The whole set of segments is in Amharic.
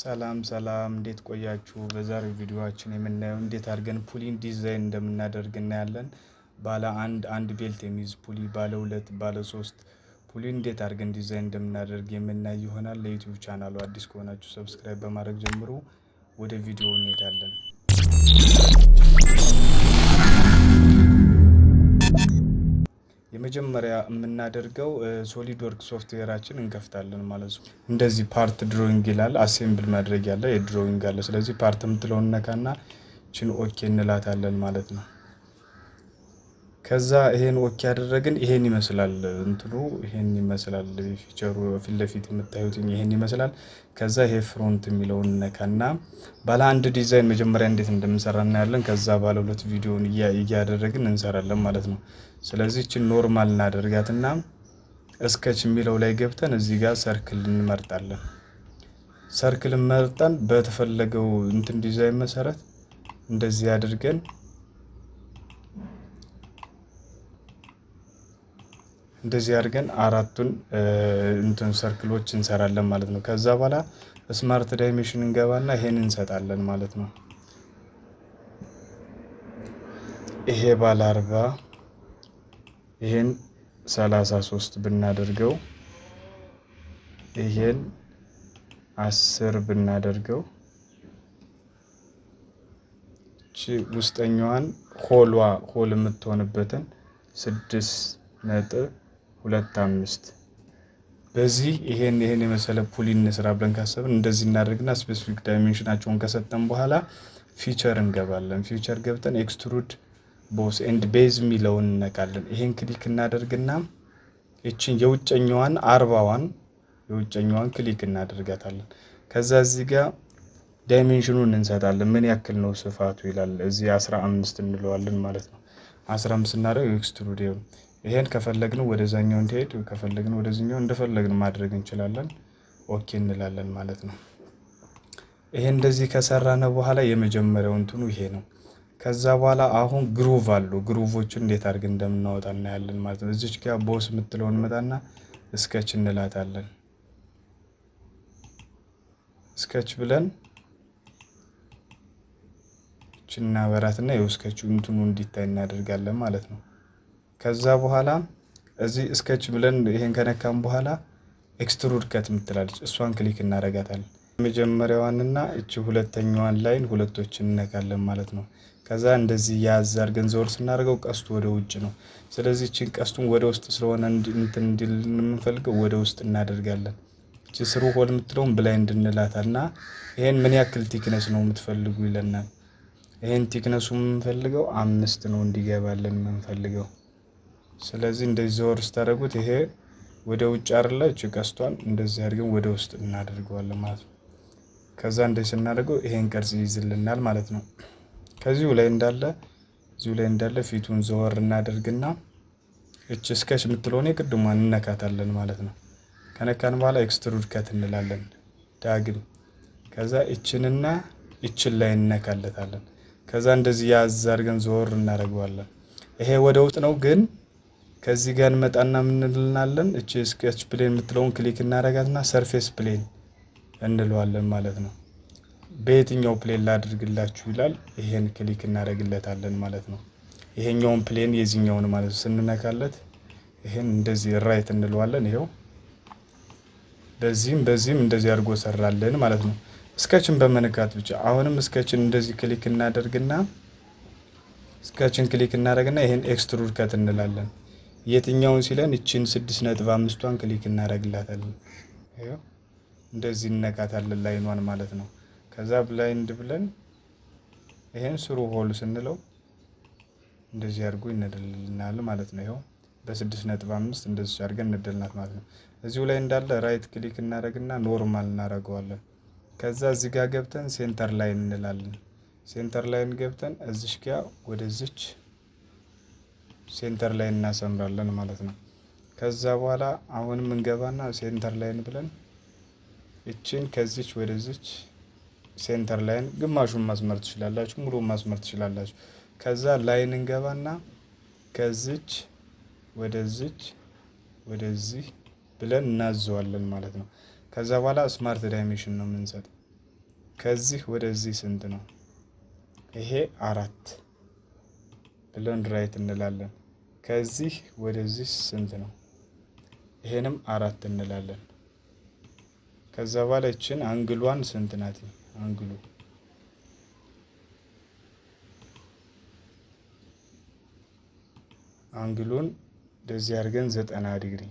ሰላም ሰላም እንዴት ቆያችሁ? በዛሬው ቪዲዮችን የምናየው እንዴት አድርገን ፑሊን ዲዛይን እንደምናደርግ እናያለን። ባለ አንድ አንድ ቤልት የሚይዝ ፑሊ፣ ባለ ሁለት፣ ባለ ሶስት ፑሊን እንዴት አድርገን ዲዛይን እንደምናደርግ የምናይ ይሆናል። ለዩቲዩብ ቻናሉ አዲስ ከሆናችሁ ሰብስክራይብ በማድረግ ጀምሮ ወደ ቪዲዮ እንሄዳለን። የመጀመሪያ የምናደርገው ሶሊድ ወርክ ሶፍትዌራችን እንከፍታለን ማለት ነው። እንደዚህ ፓርት ድሮዊንግ ይላል። አሴምብል ማድረግ ያለ የድሮዊንግ አለ። ስለዚህ ፓርት የምትለውን ነካና ችን ኦኬ እንላታለን ማለት ነው። ከዛ ይሄን ወክ ያደረግን ይሄን ይመስላል እንትኑ ይሄን ይመስላል ፊቸሩ ፊት ለፊት የምታዩት ይሄን ይመስላል። ከዛ ይሄ ፍሮንት የሚለውን ነካና ባለ አንድ ዲዛይን መጀመሪያ እንዴት እንደምንሰራ እናያለን። ከዛ ባለ ሁለት ቪዲዮን እያደረግን እንሰራለን ማለት ነው። ስለዚህ እችን ኖርማል እናደርጋትና እስከች የሚለው ላይ ገብተን እዚህ ጋር ሰርክል እንመርጣለን። ሰርክል መርጠን በተፈለገው እንትን ዲዛይን መሰረት እንደዚህ አድርገን እንደዚህ አድርገን አራቱን እንትን ሰርክሎች እንሰራለን ማለት ነው። ከዛ በኋላ ስማርት ዳይሜንሽን እንገባና ይሄን እንሰጣለን ማለት ነው። ይሄ ባለ አርባ ይሄን ሰላሳ ሶስት ብናደርገው ይሄን አስር ብናደርገው ውስጠኛዋን ሆሏ ሆል የምትሆንበትን ስድስት ነጥብ ሁለት አምስት በዚህ ይሄን ይሄን የመሰለ ፑሊ እንስራ ብለን ካሰብን እንደዚህ እናደርግና ስፔሲፊክ ዳይሜንሽናቸውን ከሰጠን በኋላ ፊቸር እንገባለን። ፊቸር ገብተን ኤክስትሩድ ቦስ ኤንድ ቤዝ የሚለውን እነቃለን። ይሄን ክሊክ እናደርግና ይችን የውጨኛዋን አርባዋን የውጨኛዋን ክሊክ እናደርጋታለን። ከዛ እዚህ ጋር ዳይሜንሽኑን እንሰጣለን። ምን ያክል ነው ስፋቱ ይላል። እዚህ 15 እንለዋለን ማለት ነው። አምስት እናደርግ ኤክስትሩድ ይሄን ከፈለግን ወደዛኛው እንዲሄድ ከፈለግን ወደዚኛው እንደፈለግን ማድረግ እንችላለን። ኦኬ እንላለን ማለት ነው። ይሄ እንደዚህ ከሰራነ በኋላ የመጀመሪያው እንትኑ ይሄ ነው። ከዛ በኋላ አሁን ግሩቭ አሉ። ግሩቮቹን እንዴት አድርገን እንደምናወጣ እናያለን ማለት ነው። እዚች ጋር ቦስ የምትለውን መጣና ስኬች እንላታለን። ስኬች ብለን ችና በራትና የውስከች እንትኑ እንዲታይ እናደርጋለን ማለት ነው። ከዛ በኋላ እዚህ እስከች ብለን ይሄን ከነካም በኋላ ኤክስትሩድ ከት የምትላለች እሷን ክሊክ እናደርጋታለን። የመጀመሪያዋንና እቺ ሁለተኛዋን ላይን ሁለቶችን እንነካለን ማለት ነው። ከዛ እንደዚህ ያዝ አድርገን ዘወር ስናደርገው ቀስቱ ወደ ውጭ ነው። ስለዚህ እቺን ቀስቱን ወደ ውስጥ ስለሆነ እንትን እንዲል የምንፈልገው ወደ ውስጥ እናደርጋለን። እቺ ስሩ ሆል የምትለውን ብላይንድ እንላታል እና ይሄን ምን ያክል ቲክነስ ነው የምትፈልጉ ይለናል። ይሄን ቲክነሱ የምንፈልገው አምስት ነው እንዲገባለን የምንፈልገው ስለዚህ እንደዚህ ዞር ስታደርጉት ይሄ ወደ ውጭ አይደለ እቺ ቀስቷል እንደዚህ አድርገን ወደ ውስጥ እናደርገዋለን ማለት ነው። ከዛ እንደዚህ ስናደርገው ይሄን ቅርጽ ይይዝልናል ማለት ነው። ከዚሁ ላይ እንዳለ እዚሁ ላይ እንዳለ ፊቱን ዘወር እናደርግና እች እስከች የምትለሆነ ቅድሟን እንነካታለን ማለት ነው። ከነካን በኋላ ኤክስትሩድ ከት እንላለን ዳግም። ከዛ እችንና እችን ላይ እንነካለታለን። ከዛ እንደዚህ ያዝ አድርገን ዘወር እናደርገዋለን። ይሄ ወደ ውጥ ነው ግን ከዚህ ጋር እንመጣና ምንልናለን እቺ ስኬች ፕሌን የምትለውን ክሊክ እናደርጋትና ሰርፌስ ፕሌን እንለዋለን ማለት ነው። በየትኛው ፕሌን ላድርግላችሁ ይላል። ይሄን ክሊክ እናደርግለታለን ማለት ነው። ይሄኛውን ፕሌን የዚህኛውን ማለት ነው ስንነካለት ይሄን እንደዚህ ራይት እንለዋለን። ይሄው በዚህም በዚህም እንደዚህ አድርጎ ሰራለን ማለት ነው። እስከችን በመነካት ብቻ አሁንም እስከችን እንደዚህ ክሊክ እናደርግና እስከችን ክሊክ እናደርግና ይሄን ኤክስትሩድ ከት እንላለን። የትኛውን ሲለን እችን ስድስት ነጥብ አምስቷን ክሊክ እናደርግላታለን። እንደዚህ እነካታለን ላይኗን ማለት ነው። ከዛ ብላይንድ ብለን ይሄን ስሩ ሆል ስንለው እንደዚህ አድርጎ ይነደልናል ማለት ነው። ይኸው በስድስት ነጥብ አምስት እንደዚህ አድርገን እነደልናት ማለት ነው። እዚሁ ላይ እንዳለ ራይት ክሊክ እናደርግና ኖርማል እናደርገዋለን። ከዛ እዚህ ጋር ገብተን ሴንተር ላይን እንላለን። ሴንተር ላይን ገብተን እዚሽ ጋር ወደዚች ሴንተር ላይ እናሰምራለን ማለት ነው። ከዛ በኋላ አሁንም እንገባና ሴንተር ላይን ብለን እችን ከዚች ወደዚች ሴንተር ላይን ግማሹን ማስመር ትችላላችሁ፣ ሙሉ ማስመር ትችላላችሁ። ከዛ ላይን እንገባና ከዚች ወደዚች ወደዚህ ብለን እናዘዋለን ማለት ነው። ከዛ በኋላ ስማርት ዳይሜንሽን ነው የምንሰጥ። ከዚህ ወደዚህ ስንት ነው? ይሄ አራት ሎንግ ራይት እንላለን። ከዚህ ወደዚህ ስንት ነው? ይሄንም አራት እንላለን። ከዛ ባለችን አንግሏን ስንት ናት? አንግሉ አንግሉን እንደዚህ አድርገን ዘጠና ዲግሪ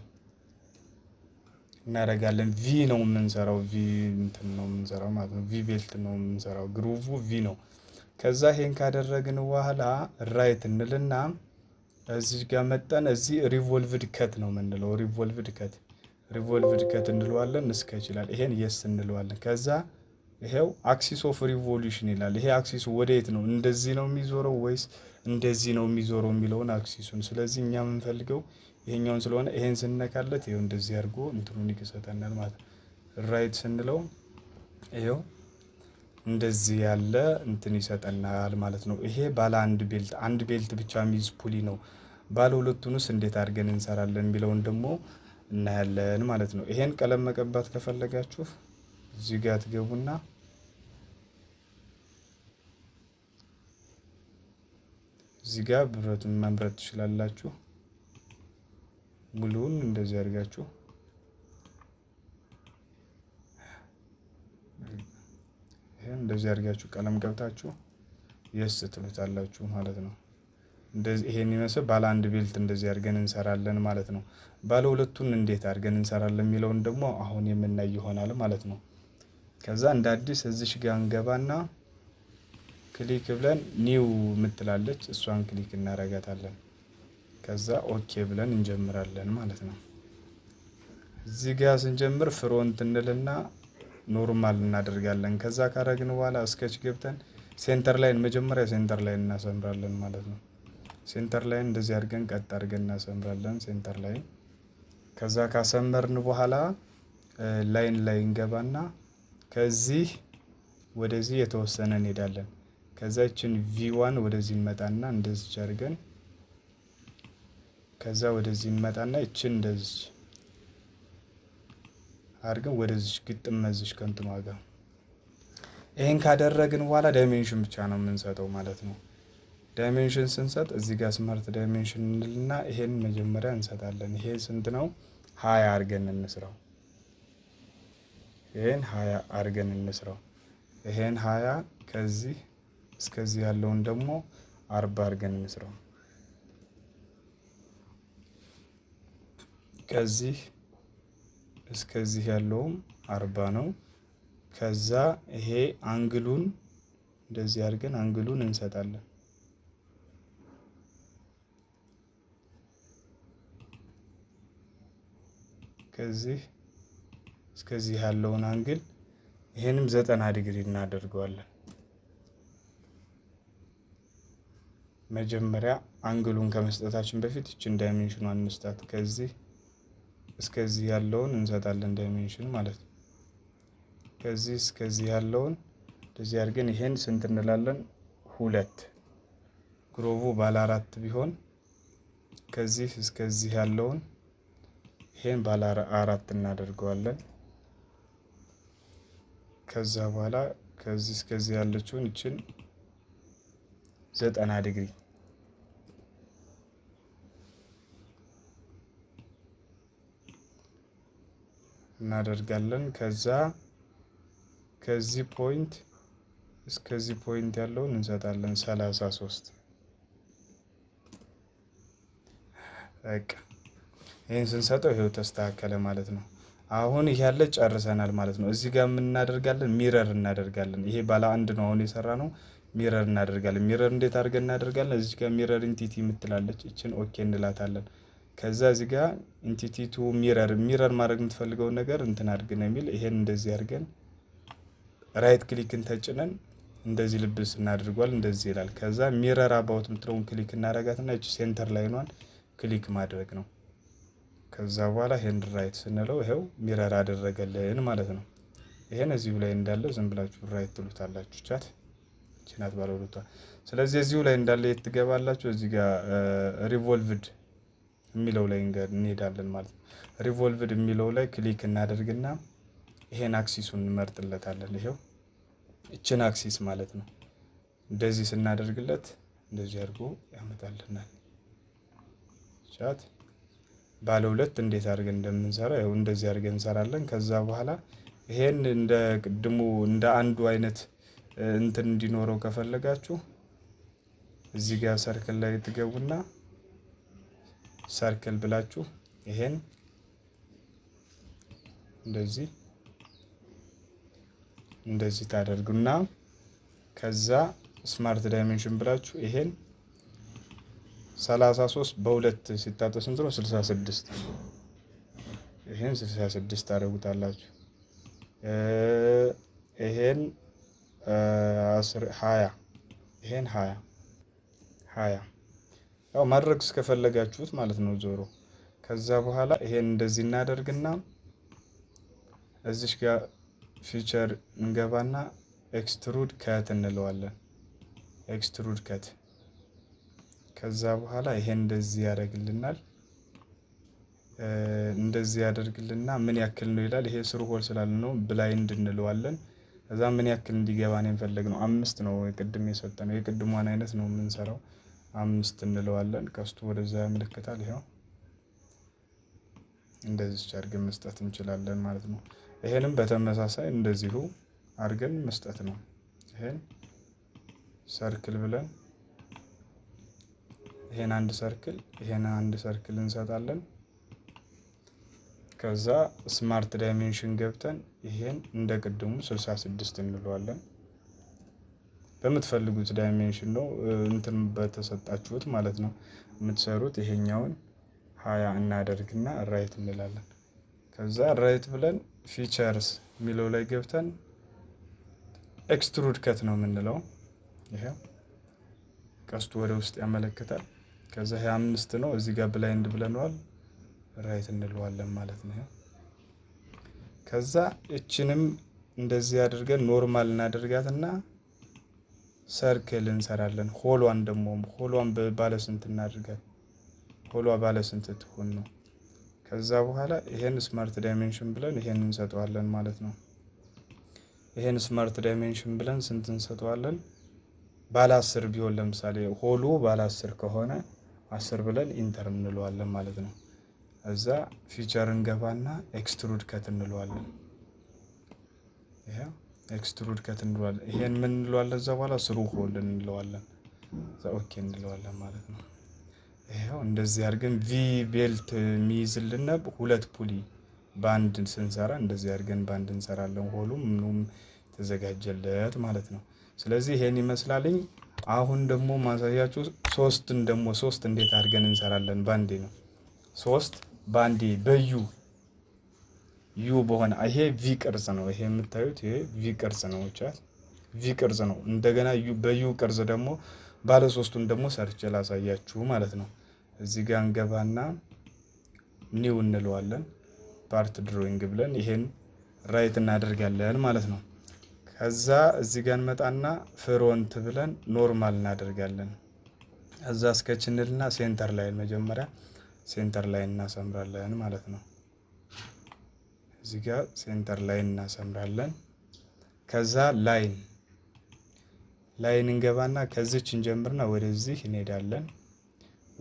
እናደርጋለን። ቪ ነው የምንሰራው። ቪ እንትን ነው የምንሰራው ማለት ነው። ቪ ቤልት ነው የምንሰራው። ግሩቭ ቪ ነው። ከዛ ይሄን ካደረግን በኋላ ራይት እንልና እዚህ ጋር መጠን እዚህ ሪቮልቭድ ከት ነው የምንለው። ሪቮልቭድ ከት ሪቮልቭድ ከት እንለዋለን። እስከ ይችላል ይሄን የስ እንለዋለን። ከዛ ይሄው አክሲስ ኦፍ ሪቮሉሽን ይላል። ይሄ አክሲሱ ወደየት ነው? እንደዚህ ነው የሚዞረው ወይስ እንደዚህ ነው የሚዞረው የሚለውን አክሲሱን። ስለዚህ እኛ የምንፈልገው ይሄኛውን ስለሆነ ይሄን ስነካለት ይሄው እንደዚህ አድርጎ እንትኑን ይሰጠናል ማለት ራይት ስንለው ይሄው እንደዚህ ያለ እንትን ይሰጠናል ማለት ነው። ይሄ ባለ አንድ ቤልት አንድ ቤልት ብቻ የሚይዝ ፑሊ ነው። ባለ ሁለቱንስ እንዴት አድርገን እንሰራለን የሚለውን ደግሞ እናያለን ማለት ነው። ይሄን ቀለም መቀባት ከፈለጋችሁ እዚህ ጋር ትገቡና እዚህ ጋር ብረቱን መምረጥ ትችላላችሁ። ሙሉውን እንደዚህ አድርጋችሁ እንደዚህ አድርጋችሁ ቀለም ገብታችሁ የስ ትሉታላችሁ ማለት ነው። እንደዚህ ይሄን ይመስል ባለ አንድ ቤልት እንደዚህ አድርገን እንሰራለን ማለት ነው። ባለ ሁለቱን እንዴት አድርገን እንሰራለን የሚለውን ደግሞ አሁን የምናይ ይሆናል ማለት ነው። ከዛ እንደ አዲስ እዚሽ ጋር እንገባና ክሊክ ብለን ኒው የምትላለች እሷን ክሊክ እናረጋታለን። ከዛ ኦኬ ብለን እንጀምራለን ማለት ነው። እዚህ ጋር ስንጀምር ፍሮንት እንልና ኖርማል እናደርጋለን። ከዛ ካረግን በኋላ እስኬች ገብተን ሴንተር ላይን መጀመሪያ ሴንተር ላይን እናሰምራለን ማለት ነው። ሴንተር ላይን እንደዚህ አድርገን ቀጥ አድርገን እናሰምራለን ሴንተር ላይን። ከዛ ካሰመርን በኋላ ላይን ላይ እንገባና ከዚህ ወደዚህ የተወሰነ እንሄዳለን። ከዛችን ቪዋን ወደዚህ እንመጣና እንደዚች አድርገን ከዛ ወደዚህ እንመጣና ይችን እንደዚች አድርገን ወደዚች ግጥም መዝሽ ከንትኗ ጋር ይህን ካደረግን በኋላ ዳይሜንሽን ብቻ ነው የምንሰጠው ማለት ነው። ዳይሜንሽን ስንሰጥ እዚህ ጋር ስማርት ዳይሜንሽን እንልና ይሄን መጀመሪያ እንሰጣለን። ይሄ ስንት ነው? ሀያ አድርገን እንስራው። ይሄን ሀያ አድርገን እንስራው። ይሄን ሀያ ከዚህ እስከዚህ ያለውን ደግሞ አርባ አድርገን እንስራው ከዚህ እስከዚህ ያለውም አርባ ነው። ከዛ ይሄ አንግሉን እንደዚህ አድርገን አንግሉን እንሰጣለን። ከዚህ እስከዚህ ያለውን አንግል ይሄንም ዘጠና ዲግሪ እናደርገዋለን። መጀመሪያ አንግሉን ከመስጠታችን በፊት እችን ዳይሜንሽኗን እንስጣት ከዚህ እስከዚህ ያለውን እንሰጣለን ዳይሜንሽን ማለት ነው። ከዚህ እስከዚህ ያለውን እንደዚህ አድርገን ይሄን ስንት እንላለን? ሁለት ግሮቡ ባለ አራት ቢሆን ከዚህ እስከዚህ ያለውን ይሄን ባለ አራት እናደርገዋለን። ከዛ በኋላ ከዚህ እስከዚህ ያለችውን ይችን ዘጠና ዲግሪ እናደርጋለን። ከዛ ከዚህ ፖይንት እስከዚህ ፖይንት ያለውን እንሰጣለን። ሰላሳ ሶስት በቃ ይህን ስንሰጠው ይሄው ተስተካከለ ማለት ነው። አሁን ይሄ ያለ ጨርሰናል ማለት ነው። እዚህ ጋር የምናደርጋለን ሚረር እናደርጋለን። ይሄ ባለ አንድ ነው አሁን የሰራ ነው። ሚረር እናደርጋለን። ሚረር እንዴት አድርገን እናደርጋለን? እዚህ ጋር ሚረር ኢንቲቲ የምትላለች እችን ኦኬ እንላታለን። ከዛ እዚህ ጋር ኢንቲቲቱ ሚረር ሚረር ማድረግ የምትፈልገው ነገር እንትን አድርግ ነው የሚል ይሄን እንደዚህ አድርገን ራይት ክሊክን ተጭነን እንደዚህ ልብስ እናድርጓል። እንደዚህ ይላል። ከዛ ሚረር አባውት የምትለውን ክሊክ እናረጋትና እች ሴንተር ላይኗን ክሊክ ማድረግ ነው። ከዛ በኋላ ሄንድ ራይት ስንለው ይኸው ሚረር አደረገልን ማለት ነው። ይሄን እዚሁ ላይ እንዳለ ዝም ብላችሁ ራይት ትሉታላችሁ። ቻት ችናት ባለሁለቷ። ስለዚህ እዚሁ ላይ እንዳለ የት ትገባላችሁ? እዚህ ጋር ሪቮልቭድ የሚለው ላይ እንሄዳለን ማለት ነው። ሪቮልቭድ የሚለው ላይ ክሊክ እናደርግና ይሄን አክሲሱን እንመርጥለታለን። ይሄው እችን አክሲስ ማለት ነው። እንደዚህ ስናደርግለት እንደዚህ አድርጎ ያመጣልናል። ቻት ባለ ሁለት እንዴት አድርገን እንደምንሰራ ያው እንደዚህ አድርገን እንሰራለን። ከዛ በኋላ ይሄን እንደ ቅድሙ እንደ አንዱ አይነት እንትን እንዲኖረው ከፈለጋችሁ እዚህ ጋር ሰርክል ላይ ትገቡና ሰርክል ብላችሁ ይሄን እንደዚህ እንደዚህ ታደርጉና ከዛ ስማርት ዳይሜንሽን ብላችሁ ይሄን 33 በሁለት ሲታጠስ ስንት ነው? 66 ይሄን 66 ታደርጉታላችሁ። ይሄን 20 ይሄን 20 20 ያው ማድረግ እስከፈለጋችሁት ማለት ነው ዞሮ ከዛ በኋላ ይሄን እንደዚህ እናደርግና እዚሽ ጋር ፊቸር እንገባና ኤክስትሩድ ከት እንለዋለን። ኤክስትሩድ ከት ከዛ በኋላ ይሄን እንደዚህ ያደርግልናል። እንደዚህ ያደርግልና ምን ያክል ነው ይላል። ይሄ ስሩ ሆል ስላለ ነው ብላይንድ እንለዋለን። እዛ ምን ያክል እንዲገባ ነው የምንፈልግ ነው። አምስት ነው ቅድም የሰጠ ነው። የቅድሟን አይነት ነው የምንሰራው። አምስት እንለዋለን። ቀስቱ ወደዛ ያመለክታል። ይኸው እንደዚህ አድርገን መስጠት እንችላለን ማለት ነው። ይሄንም በተመሳሳይ እንደዚሁ አድርገን መስጠት ነው። ይሄን ሰርክል ብለን ይሄን አንድ ሰርክል ይሄን አንድ ሰርክል እንሰጣለን። ከዛ ስማርት ዳይሜንሽን ገብተን ይሄን እንደ ቅድሙ 66 እንለዋለን። በምትፈልጉት ዳይሜንሽን ነው እንትን በተሰጣችሁት ማለት ነው የምትሰሩት። ይሄኛውን ሀያ እናደርግና ራይት እንላለን። ከዛ ራይት ብለን ፊቸርስ የሚለው ላይ ገብተን ኤክስትሩድ ከት ነው የምንለው። ይሄ ቀስቱ ወደ ውስጥ ያመለክታል። ከዛ ሀያ አምስት ነው እዚህ ጋር ብላይንድ ብለነዋል፣ ራይት እንለዋለን ማለት ነው። ከዛ እችንም እንደዚህ አድርገን ኖርማል እናደርጋት ና ሰርክል እንሰራለን። ሆሏን ደግሞ ሆሏን ባለስንት እናድርጋል። ሆሏ ባለስንት ትሆን ነው። ከዛ በኋላ ይሄን ስማርት ዳይሜንሽን ብለን ይሄን እንሰጠዋለን ማለት ነው። ይሄን ስማርት ዳይሜንሽን ብለን ስንት እንሰጠዋለን? ባለ አስር ቢሆን ለምሳሌ ሆሉ ባለ አስር ከሆነ አስር ብለን ኢንተር እንለዋለን ማለት ነው። እዛ ፊቸር እንገባና ኤክስትሩድ ከት እንለዋለን። ኤክስትሩድ ከት እንለዋለን። ይሄን ምን እንለዋለን? እዛ በኋላ ስሩ ሆል እንለዋለን። እዛ ኦኬ እንለዋለን ማለት ነው። ይኸው እንደዚህ አድርገን ቪ ቤልት የሚይዝልን ሁለት ፑሊ በአንድ ስንሰራ እንደዚህ አድርገን በአንድ እንሰራለን። ሆሉ ምኑም ተዘጋጀለት ማለት ነው። ስለዚህ ይሄን ይመስላልኝ። አሁን ደግሞ ማሳያችሁ ሶስትን ደግሞ ሶስት እንዴት አድርገን እንሰራለን። ባንዴ ነው ሶስት ባንዴ በዩ ዩ በሆነ ይሄ ቪ ቅርጽ ነው። ይሄ የምታዩት ይሄ ቪ ቅርጽ ነው። ቻት ቪ ቅርጽ ነው። እንደገና በዩ ቅርጽ ደግሞ ባለ ሶስቱን ደግሞ ሰርቼ ላሳያችሁ ማለት ነው። እዚህ ጋር እንገባና ኒው እንለዋለን። ፓርት ድሮይንግ ብለን ይሄን ራይት እናደርጋለን ማለት ነው። ከዛ እዚህ ጋር እንመጣና ፍሮንት ብለን ኖርማል እናደርጋለን። ከዛ እስከችንልና ሴንተር ላይን መጀመሪያ ሴንተር ላይን እናሰምራለን ማለት ነው። እዚህ ጋር ሴንተር ላይን እናሰምራለን። ከዛ ላይን ላይን እንገባና ከዚች እንጀምርና ወደዚህ እንሄዳለን፣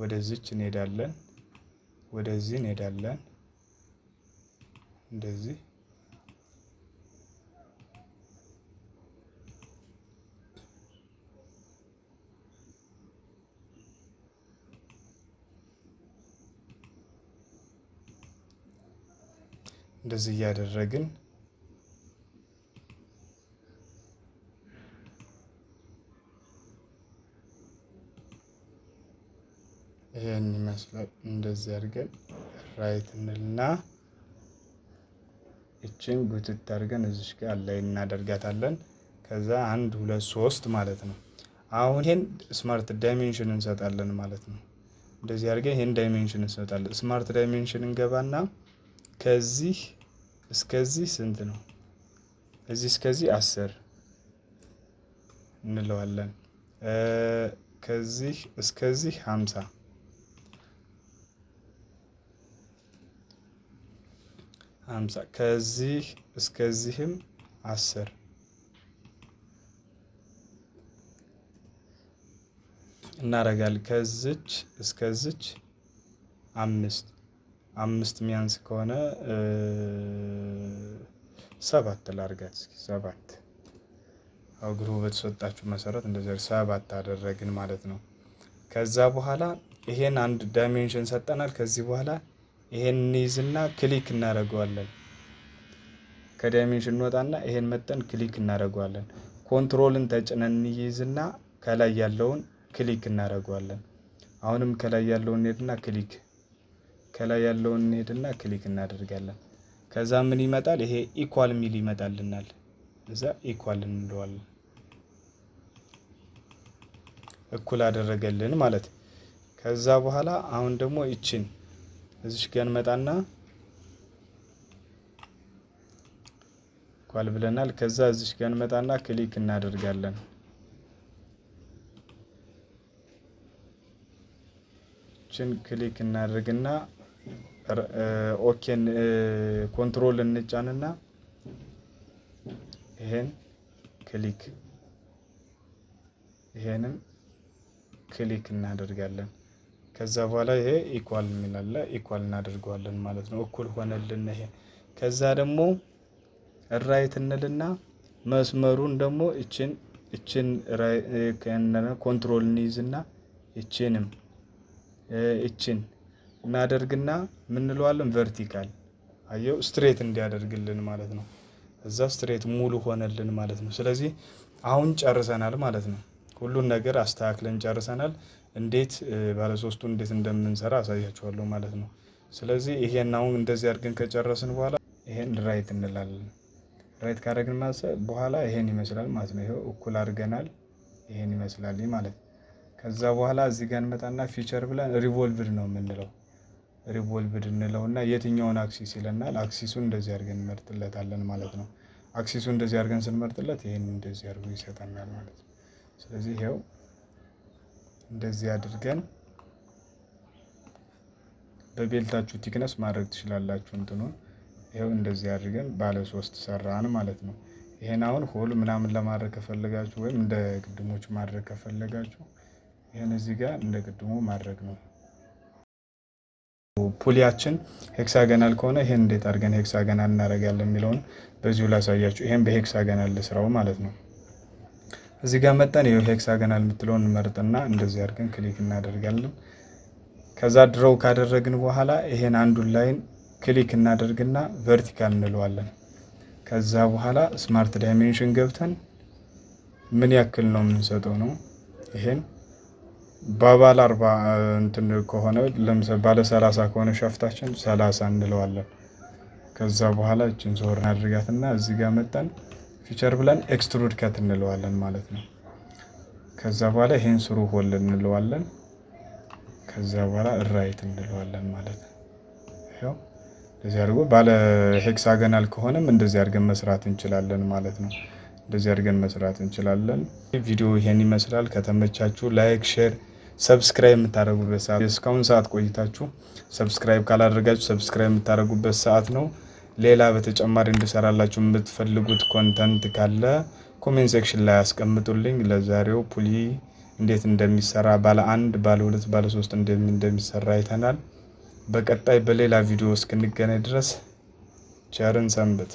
ወደዚች እንሄዳለን፣ ወደዚህ እንሄዳለን እንደዚህ እንደዚህ እያደረግን ይሄን ይመስላል። እንደዚህ አድርገን ራይት እንልና እችን ጉትት አድርገን እዚሽ ጋር ላይ እናደርጋታለን። ከዛ አንድ ሁለት ሶስት ማለት ነው። አሁን ይሄን ስማርት ዳይሜንሽን እንሰጣለን ማለት ነው። እንደዚህ አድርገን ይሄን ዳይሜንሽን እንሰጣለን። ስማርት ዳይሜንሽን እንገባና ከዚህ እስከዚህ ስንት ነው? እዚህ እስከዚህ አስር እንለዋለን። ከዚህ እስከዚህ ሀምሳ ሀምሳ ከዚህ እስከዚህም አስር እናደርጋለን። ከዚች እስከዚች አምስት አምስት ሚያንስ ከሆነ ሰባት ላርጋት ሰባት እግሩ በተሰጣችሁ መሰረት እንደዚህ ሰባት አደረግን ማለት ነው። ከዛ በኋላ ይሄን አንድ ዳይሜንሽን ሰጠናል። ከዚህ በኋላ ይሄን እንይዝና ክሊክ እናደርገዋለን። ከዳይሜንሽን እንወጣና ይሄን መጠን ክሊክ እናደርገዋለን። ኮንትሮልን ተጭነን እንይዝና ከላይ ያለውን ክሊክ እናደርገዋለን። አሁንም ከላይ ያለውን እንሄድና ክሊክ ከላይ ያለውን እንሄድና ክሊክ እናደርጋለን። ከዛ ምን ይመጣል? ይሄ ኢኳል ሚል ይመጣልናል። እዛ ኢኳል እንለዋለን። እኩል አደረገልን ማለት። ከዛ በኋላ አሁን ደግሞ ይችን እዚሽ ጋር መጣና ኢኳል ብለናል። ከዛ እዚሽ ጋር መጣና ክሊክ እናደርጋለን። ይችን ክሊክ እናደርግና ኦኬን ኮንትሮል እንጫንና ይሄን ክሊክ ይሄንም ክሊክ እናደርጋለን። ከዛ በኋላ ይሄ ኢኳል የሚላለ ኢኳል እናደርገዋለን ማለት ነው። እኩል ሆነልን ይሄ። ከዛ ደግሞ ራይት እንልና መስመሩን ደግሞ እችን እችን ኮንትሮል እንይዝና እችንም እችን እናደርግና ምንለዋለን ቨርቲካል አየው፣ ስትሬት እንዲያደርግልን ማለት ነው። እዛ ስትሬት ሙሉ ሆነልን ማለት ነው። ስለዚህ አሁን ጨርሰናል ማለት ነው። ሁሉን ነገር አስተካክለን ጨርሰናል። እንዴት ባለሶስቱን እንዴት እንደምንሰራ አሳያችኋለሁ ማለት ነው። ስለዚህ ይሄን አሁን እንደዚህ አድርገን ከጨረስን በኋላ ይሄን ራይት እንላለን። ራይት ካደረግን በኋላ ይሄን ይመስላል ማለት ነው። ይሄው እኩል አድርገናል። ይሄን ይመስላል ማለት ከዛ በኋላ እዚህ ጋር እንመጣና ፊቸር ብለን ሪቮልቭድ ነው የምንለው ሪቮልቭድ እንለው እና የትኛውን አክሲስ ይለናል። አክሲሱን እንደዚህ አድርገን እንመርጥለታለን ማለት ነው። አክሲሱን እንደዚህ አድርገን ስንመርጥለት ይህን እንደዚህ አድርጎ ይሰጠናል ማለት ነው። ስለዚህ ይኸው እንደዚህ አድርገን በቤልታችሁ ቲክነስ ማድረግ ትችላላችሁ። እንትኑን ይኸው እንደዚህ አድርገን ባለ ሶስት ሰራን ማለት ነው። ይህን አሁን ሆል ምናምን ለማድረግ ከፈለጋችሁ ወይም እንደ ቅድሞች ማድረግ ከፈለጋችሁ ይህን እዚህ ጋር እንደ ቅድሙ ማድረግ ነው። ፑሊያችን ሄክሳገናል ከሆነ ይሄን እንዴት አድርገን ሄክሳገናል እናደርጋለን የሚለውን በዚሁ ላሳያችሁ። ይሄን በሄክሳገናል ልስራው ማለት ነው። እዚህ ጋር መጠን ይኸው ሄክሳገናል የምትለውን እንመርጥና እንደዚህ አድርገን ክሊክ እናደርጋለን። ከዛ ድረው ካደረግን በኋላ ይሄን አንዱን ላይን ክሊክ እናደርግና ቨርቲካል እንለዋለን። ከዛ በኋላ ስማርት ዳይሜንሽን ገብተን ምን ያክል ነው የምንሰጠው ነው ይሄን በባለ አርባ እንትን ከሆነ ባለ ሰላሳ ከሆነ ሸፍታችን ሰላሳ እንለዋለን። ከዛ በኋላ እችን ዞር እና እዚህ ጋር መጠን ፊቸር ብለን ኤክስትሩድ ከት እንለዋለን ማለት ነው። ከዛ በኋላ ይሄን ስሩ ሆል እንለዋለን። ከዛ በኋላ ራይት እንለዋለን ማለት ነው። ይኸው እንደዚህ አድርጎ ባለ ሄክሳገናል ከሆነም እንደዚህ አድርገን መስራት እንችላለን ማለት ነው። እንደዚህ አድርገን መስራት እንችላለን። ቪዲዮ ይሄን ይመስላል። ከተመቻችሁ ላይክ፣ ሼር፣ ሰብስክራይብ የምታደርጉበት ሰዓት እስካሁን ሰዓት ቆይታችሁ ሰብስክራይብ ካላደረጋችሁ ሰብስክራይብ የምታደርጉበት ሰዓት ነው። ሌላ በተጨማሪ እንድሰራላችሁ የምትፈልጉት ኮንተንት ካለ ኮሜንት ሴክሽን ላይ አስቀምጡልኝ ለዛሬው ፑሊ እንዴት እንደሚሰራ ባለ አንድ፣ ባለ ሁለት፣ ባለ ሶስት እንደሚሰራ አይተናል። በቀጣይ በሌላ ቪዲዮ እስክንገናኝ ድረስ ቸርን ሰንብት።